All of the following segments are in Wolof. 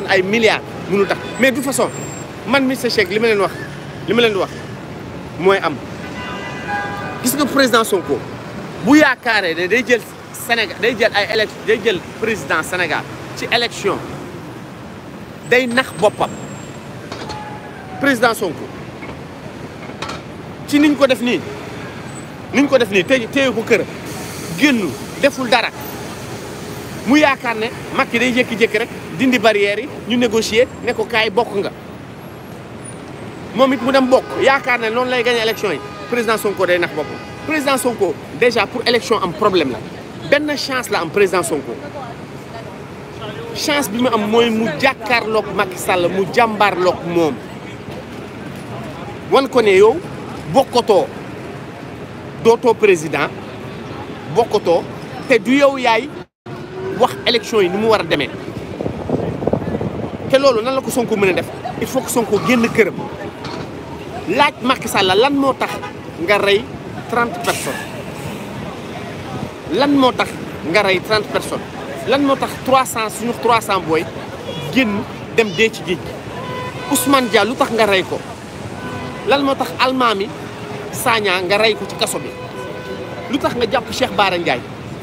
on ay milliards mënul tax mais de toute façon man mi Shake li ma leen wax li ma leen di wax moy am gis nga président Sonko bu yaakaaree né day jël Sénégal day jël ay élect day jël président Sénégal ci élection day nax bopam président Sonko ci niñ ko def ni niñ ko def ni téye ko kër génn deful dara mu yaakaar Macky day dindi barrière ñu négocier ne ko kaay bokk nga moom mu dem bokk yaakaar lay gagné élection président Sonko day président Sonko déjà pour élection am problème la benn chance la am président Sonko chance bi mu am mooy mu jàkkaarloog Macky Sall mu wan ko ne yow bokkatoo dootoo président wax élection yi ni mu war a demee te loolu nan la ko Sonko mën a def il faut sonkoo Sonko génn këram laaj Macky Sall lan moo tax nga rey trente personnes lan moo tax nga rey trente personnes lan moo tax trois cent suñu trois cent booy génn dem dee ci géej gi Ousmane lu tax nga rey ko lan moo tax almaami Sagna nga rey ko ci kaso bi lu tax nga jàpp Cheikh Bara Ndiaye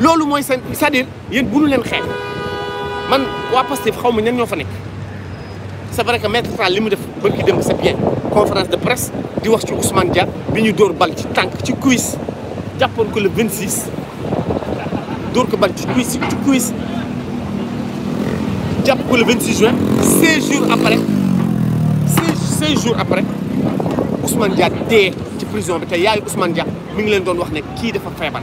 loolu moy seen c'est-à-dire yéen bu nu leen man wa Pastef xawma ñan ñoo fa c'est vrai que maître Fall limu def ba ki dem c'est bien conférence de presse di wax ci Ousmane Dia biñu ñu bal ci tank ci cuisse jàppoon ko le 26 dóor ko bal ci cuisse ci cuisse jàpp ko le 26 juin 6 jours après 6 jours après Ousmane Dia dee ci prison bi té yaay Ousmane Dia mi ngi len doon wax ne ki dafa fébal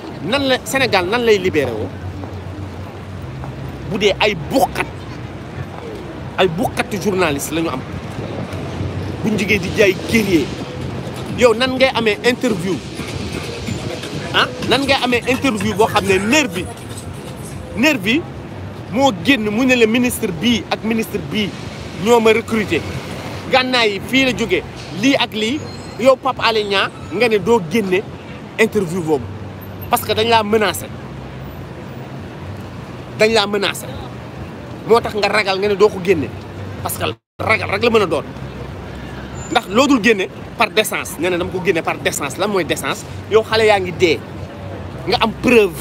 nan la Sénégal nan lay libéré woo bu dee ay buqkat ay buqkatu journaliste la am buñ jigee di jaay guerrier yow nan ngay amee interview ah nan ngay amee interview boo xam ne nerf bi nerf bi moo génn mu ne la ministre bii ak ministre bii ñoo ma recruter gànnaay yi fii la jógee lii ak lii yow Pape Alé nga ne doo génne interview boobu parce que dañ la menacer dañ la menacer motax nga ragal ngay do ko génne parce que ragal rek la meuna a doon ndax loo dul génne par décence nga ne ko génne par décence la moy décence yo xalé yaa ngi dee nga am preuve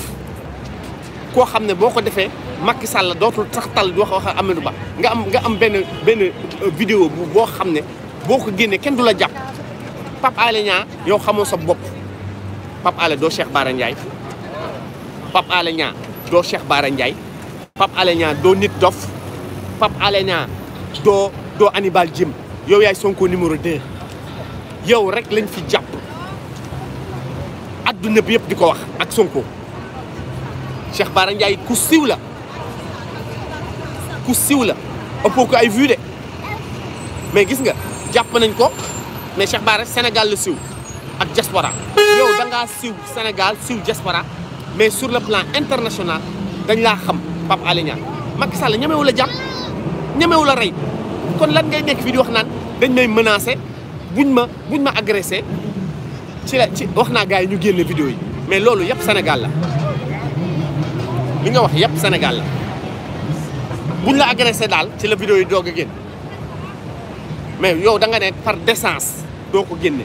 ko xamné boko défé Macky Sall dootul sax tal wax wax Amadou Ba nga am nga am ben ben euh, vidéo bo xamné boko ne boo dula japp papa Alenya yo xamoo sa Pape Alé doo Cheikh Bara Ndiaye Pape Alé doo Cheikh Bara Ndiaye Pape Alé Niang doo nit dof Pape Alé doo doo Jim yow yaay Sonko numéro 2 yow rek lañ fi jàpp adduna bi yëpp di ko wax ak Sonko Cheikh Bara Ndiaye ku siw la ku siw la ëppoo ko ay vues de mais gis nga jàpp nañ ko mais Cheikh Bara Sénégal la siw ak diaspora da ngaa siw Sénégal siw diaspora mais sur le plan international dañ laa xam Pape Alé Niang Macky Sall ñemewu la jàpp ñemewu la rey kon lan ngay nekk fii di wax naan dañ may menacé buñ ma buñ ma agressé ci la ci wax naa gars yi ñu génne vidéo yi mais loolu yëpp Sénégal la li nga wax yëpp Sénégal la buñ la agressé daal ci la vidéo yi doog a génn mais yow da nga ne par décence doo ko génne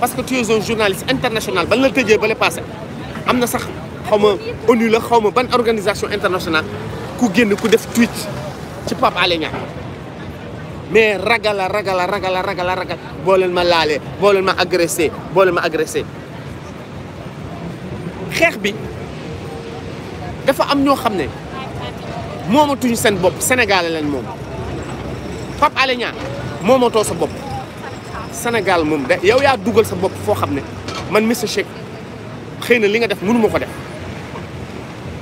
parce que tu es un journaliste international bañ la tëjee bale passé Amna na sax xaw ma ONU ban organisation internationale ku génn ku def tweet ci Pape Alé mais ragala ragala ragala ragala ragala. Bolen ma laalee Bolen ma agressé Bolen ma agressé xeex bi dafa am ñoo xam ne moomatuñu seen bopp Sénégal mom. moom Pape Alé Niang moomatoo sa Senegal mom de yow ya dugal sa bop fo xamne man Mister Shake xeyna li nga def munu ma def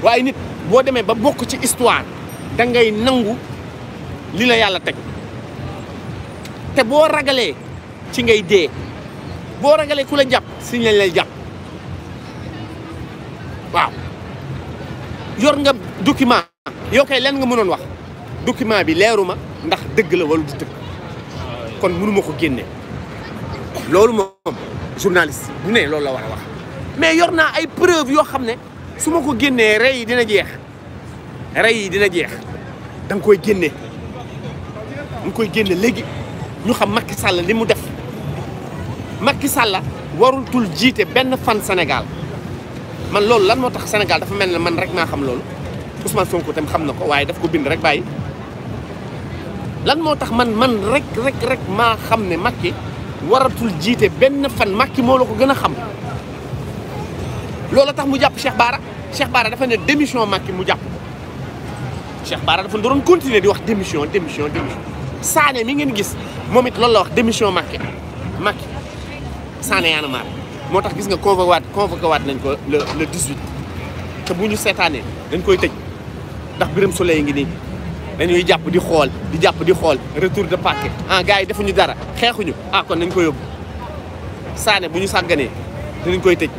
waye nit bo demé ba bok ci histoire da ngay nangu li la yàlla teg te bo ragalee ci ngay dé bo ragalé kula japp jàpp lañ lay japp waaw yor nga document yow kay leen nga mënon wax document bi léruma ndax deug la wala du kon munu moko ko loolu moom journaliste bu ne loolu la war a wax mais yor naa ay preuve yoo xam ne ko génnee rey dina jeex rey dina jeex da koy génne nga koy génne léegi ñu xam Macky Sall li def Macky Sall warutul jiite benn fan Sénégal man loolu lan moo Sénégal dafa mel man rek maa xam loolu Ousmane Sonko tam xam na ko daf ko bind rek bàyyi lan moo man man rek rek rek maa xam Macky waratul jité ben fan makki mo la gëna xam lolo tax mu jàpp Cheikh Bara Cheikh Bara dafa ne démission makki mu jàpp Cheikh Bara dafa doon continuer di wax démission démission démission Sané mi ngeen gis momit lolo la wax démission makki makki Sané yana maar motax gis nga convoqué wat convoqué wat nañ ko le le 18 te buñu sétané dañ koy tejj ndax Birame soleil ngi ni dañuy jàpp di xool di jàpp di xool retour de parquet ah gars yi defuñu dara xeexuñu ah kon nañ ko yóbbu saane bu ñu sàgganee dinañ koy tëj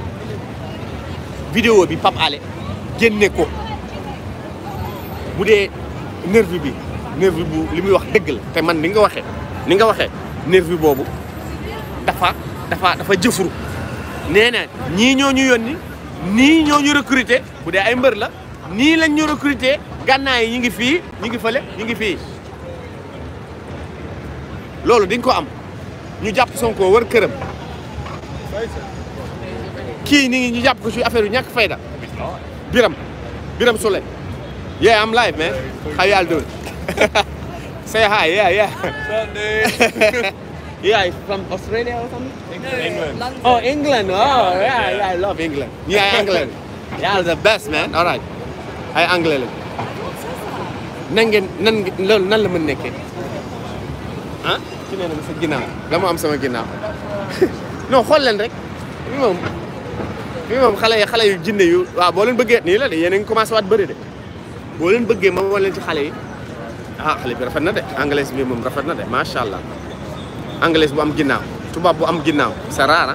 vidéo bi Pape ale génne ko bu dee nervi bi nervi bu li muy wax dëgg la te man ni nga waxee ni nga waxe nervi boobu dafa dafa dafa jëfur nee na ñii ñoo ñu yónni nii ñoo ñu recruter bu dee ay mbër la nii lañ ñu recruter gànnaay yi ñu ngi fii ngi fële ñu ngi fii loolu di ko am ñu jàpp Sonko wër këram kii ni ngi ñu jàpp ko ci affaire yu ñàkk fayda Biram Biram Souleye yeah I'm live man how y'all doing say hi yeah yeah yeah from Australia or something England oh England oh yeah yeah I love England yeah England yeah the best man all right I anglais lañ nan ngeen nan loolu nan la man nekkee ah ci nee na ma sa ginnaaw dama am sama ginnaaw non xool leen rek bi moom bi moom xale yi xale yu jinne yu waaw boo leen bëggee nii la de yéen a commencé waat bëri de boo leen bëggee ma wan leen ci xale yi ah xale bi rafet na de anglaise bi moom rafet na de macha allah anglaise bu am ginnaaw tubaab bu am ginnaaw c'est rare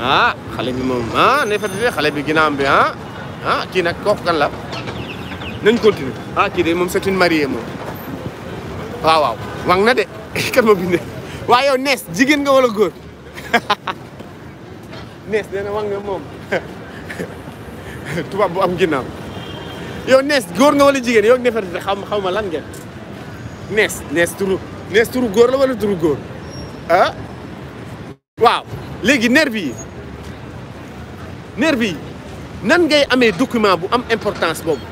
ah, ah xale bi moom ah ne fa xale bi ginnaawam bi ah ah kii nag kooku kan la. nañ continuer ah kii de moom c'est une mariée moom waaw waaw wang na de kan ma bindee waaye yow nees jigéen nga wala góor nees nee ne wang nga moom tubaab bu am ginnaaw yow nees góor nga wala jigéen yow Nefertiti xaw ma xaw ma lan ngeen nees nees turu nees turu góor la wala turu góor ah waaw léegi neer bi nervi bi nan ngay amee document bu am importance boobu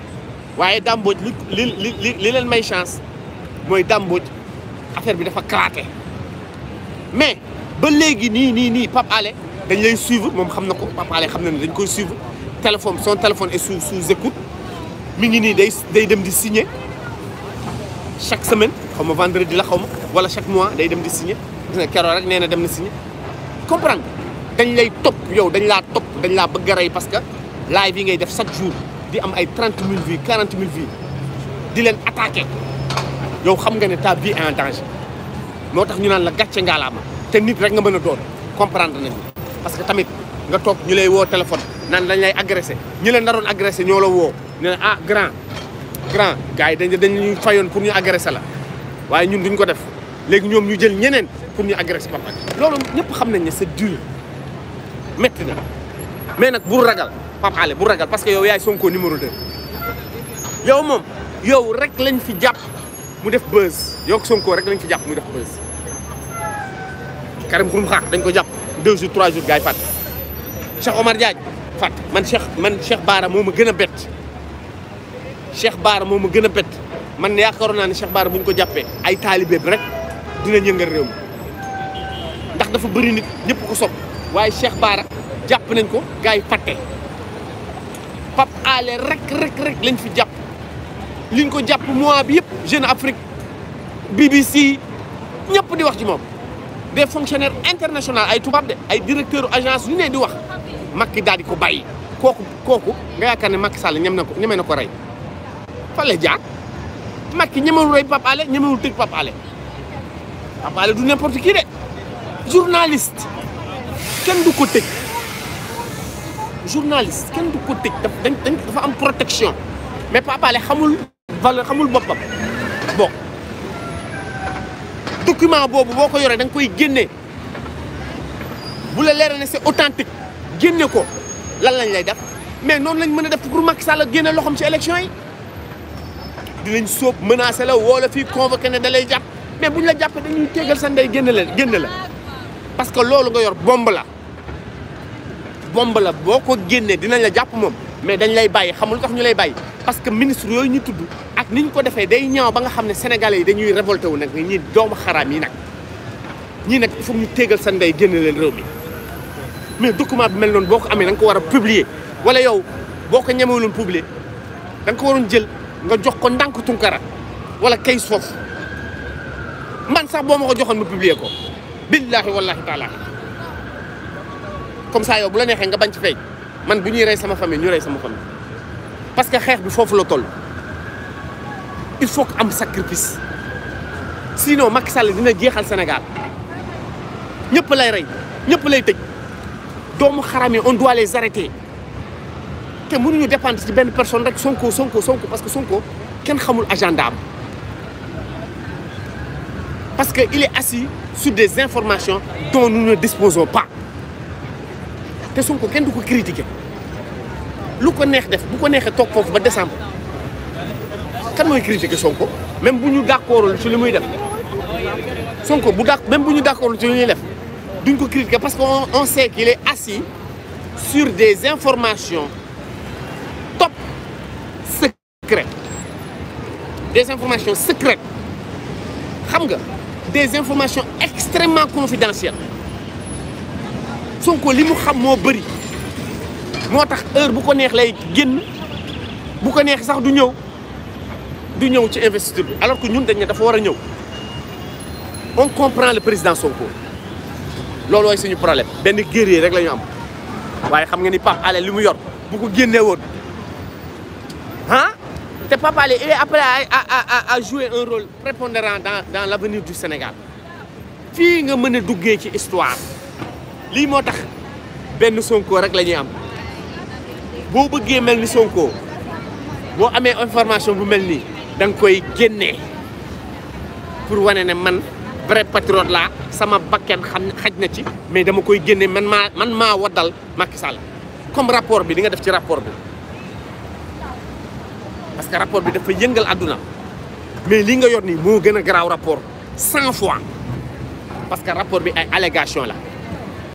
Mais Dame li li chance c'est Dame affaire bi mais si léegi ni ni ni suivre je sais ko suivre téléphone son téléphone est sous écoute Vous va signer chaque semaine comme vendredi la chaque mois day dem di signer Il va Vous rek signer comprendre parce que live yi chaque jour. di am ay trente mille vies quarante mille vies di leen attaqué yow xam nga ne ta vie est en danger moo tax ñu naan la gàcce ngaalaama te nit rek nga mën a doon comprendre nañ parce que tamit nga toog ñu lay woo téléphone naan dañ lay agressé ñi leen naroon agressé ñoo la woo ne la ah grand grand gars yi dañ dañuy fayoon pour ñu agressé la waaye ñun duñ ko def léegi ñoom ñu jël ñeneen pour ñu agressé papa loolu ñëpp xam nañ ne c'est dur métti na mais nag bu ragal Pape Alé bu ragal parce que yow yaay Sonko numéro de yow moom yow rek lañ fi jàpp mu def buzz yow Sonko rek lañ fi jàpp mu def buzz Karim Xrum Xax dañ ko jàpp 2 jours 3 jours gars yi fàtte Cheikh Omar Diagne fàtte man Cheikh man Cheikh Baara moo ma gën a bett Cheikh Baara moom ma gën a bett man yaakaaroon naa ne Cheikh Baara bu ko jàppee ay taalibeem rek dina yëngal réew ndax dafa bëri nit ñëpp ko sopp waaye Cheikh Baara jàpp nañ ko gars yi fàtte aale rek rek rek lañ fi jàpp liñ ko japp mois bi yëpp Jeune Afrique BBC ñëpp di wax ci mom des fonctionnaires internationaux ay tubaab de ay directeur agence ñu ne di wax Macky dal di ko bàyyi kooku kooku nga yaakaar ne Macky Sall ñem na ko ñeme na ko rey fa la jaar Macky ñemewul roy pap ale ñemewul tëj pap ale Pape Alé du n'importe qui de journaliste kenn du ko tëj journaliste kenn du ko tëj dafa am protection mais Pape xamul valeur xamul boppam bon document boobu boo ko yoree da koy génne bu la leeral ne c'est authentique génne ko lan lañ lay def mais noonu lañ mën a def pour Macky génne loxoom ci élection yi dinañ sóob menacé la woo la fii convoqué ne da lay jàpp mais buñ la jàpp dañuy téegal sa ndey génn la génne la parce que loolu nga yor bomb la. bomb la boo ko génnee dinañ la jàpp moom mais dañ lay bàyyi xamul tax ñu lay bàyyi parce que ministre yooyu ñu tudd ak ni ñu ko defee day ñaaw ba nga xam ne sénégalais yi dañuy révolté wu nag ñi doomu xaraam yi nag ñii nag il faut ñu téegal sa ndey génn leen réew mi mais document bi mel noonu boo ko amee da ko war a publier wala yow boo ko ñemewuloon publier da nga ko waroon jël nga jox ko ndànk tunkara wala kay foofu man sax boo ma ko joxoon ma publier ko billaahi wallaahi taalaa comme ça yow bu la neexee nga bañ ci feeñ man bu rey sama famille ñu rey sama famille parce que xeex bi foofu la toll il faut que am sacrifice sinon Macky Sall dina au Sénégal ñëpp lay rey ñëpp lay tëj doomu xaram on doit les arrêter te mënuñu dépendre ci benn personne rek Sonko Sonko Sonko parce que Sonko kenn xamul agenda parce que il est assis sur des informations dont nous ne disposons pas te Sonko kenn du ko critiquer lu ko neex def bu ko neexee tok foofu ba décembre kan moy critiquer Sonko même buñu d'accord d'accordul ci li def Sonko bu d'accord même buñu ñu d'accordul ci li ñuy def duñ ko critiquer parce qu'on on sait qu'il est assis sur des informations top secrètes des informations secrètes xam nga des informations extrêmement confidentielles Sonko limu xam mo beuri motax heure bu ko neex lay génn bu ko neex sax du ñew du ñew ci investiture bi alors que ñun dañ ne dafa wara ñew on comprend le président Sonko loolooy suñu problème ben guerrier rek lañu am waye xam nga ni Pape Alé limu mu yor bu ko genné won ah hein? te papa Alé il est appelé à à jouer un rôle prépondérant dans dans l'avenir du Sénégal fi nga mën duggé ci histoire. lii moo tax benn Sonko rek la ñuy am boo bëggee mel ni Sonko boo amee information bu mel nii da koy génnee pour wane ne man vrai patriote laa sama bakken xam xaj na ci mais dama koy génnee man maa man maa waddal Macky Sall comme rapport bi li nga def ci rapport bi parce que rapport bi dafa yëngal àdduna mais lii nga yor nii moo gën a garaaw rapport cent fois parce que rapport bi ay allégation la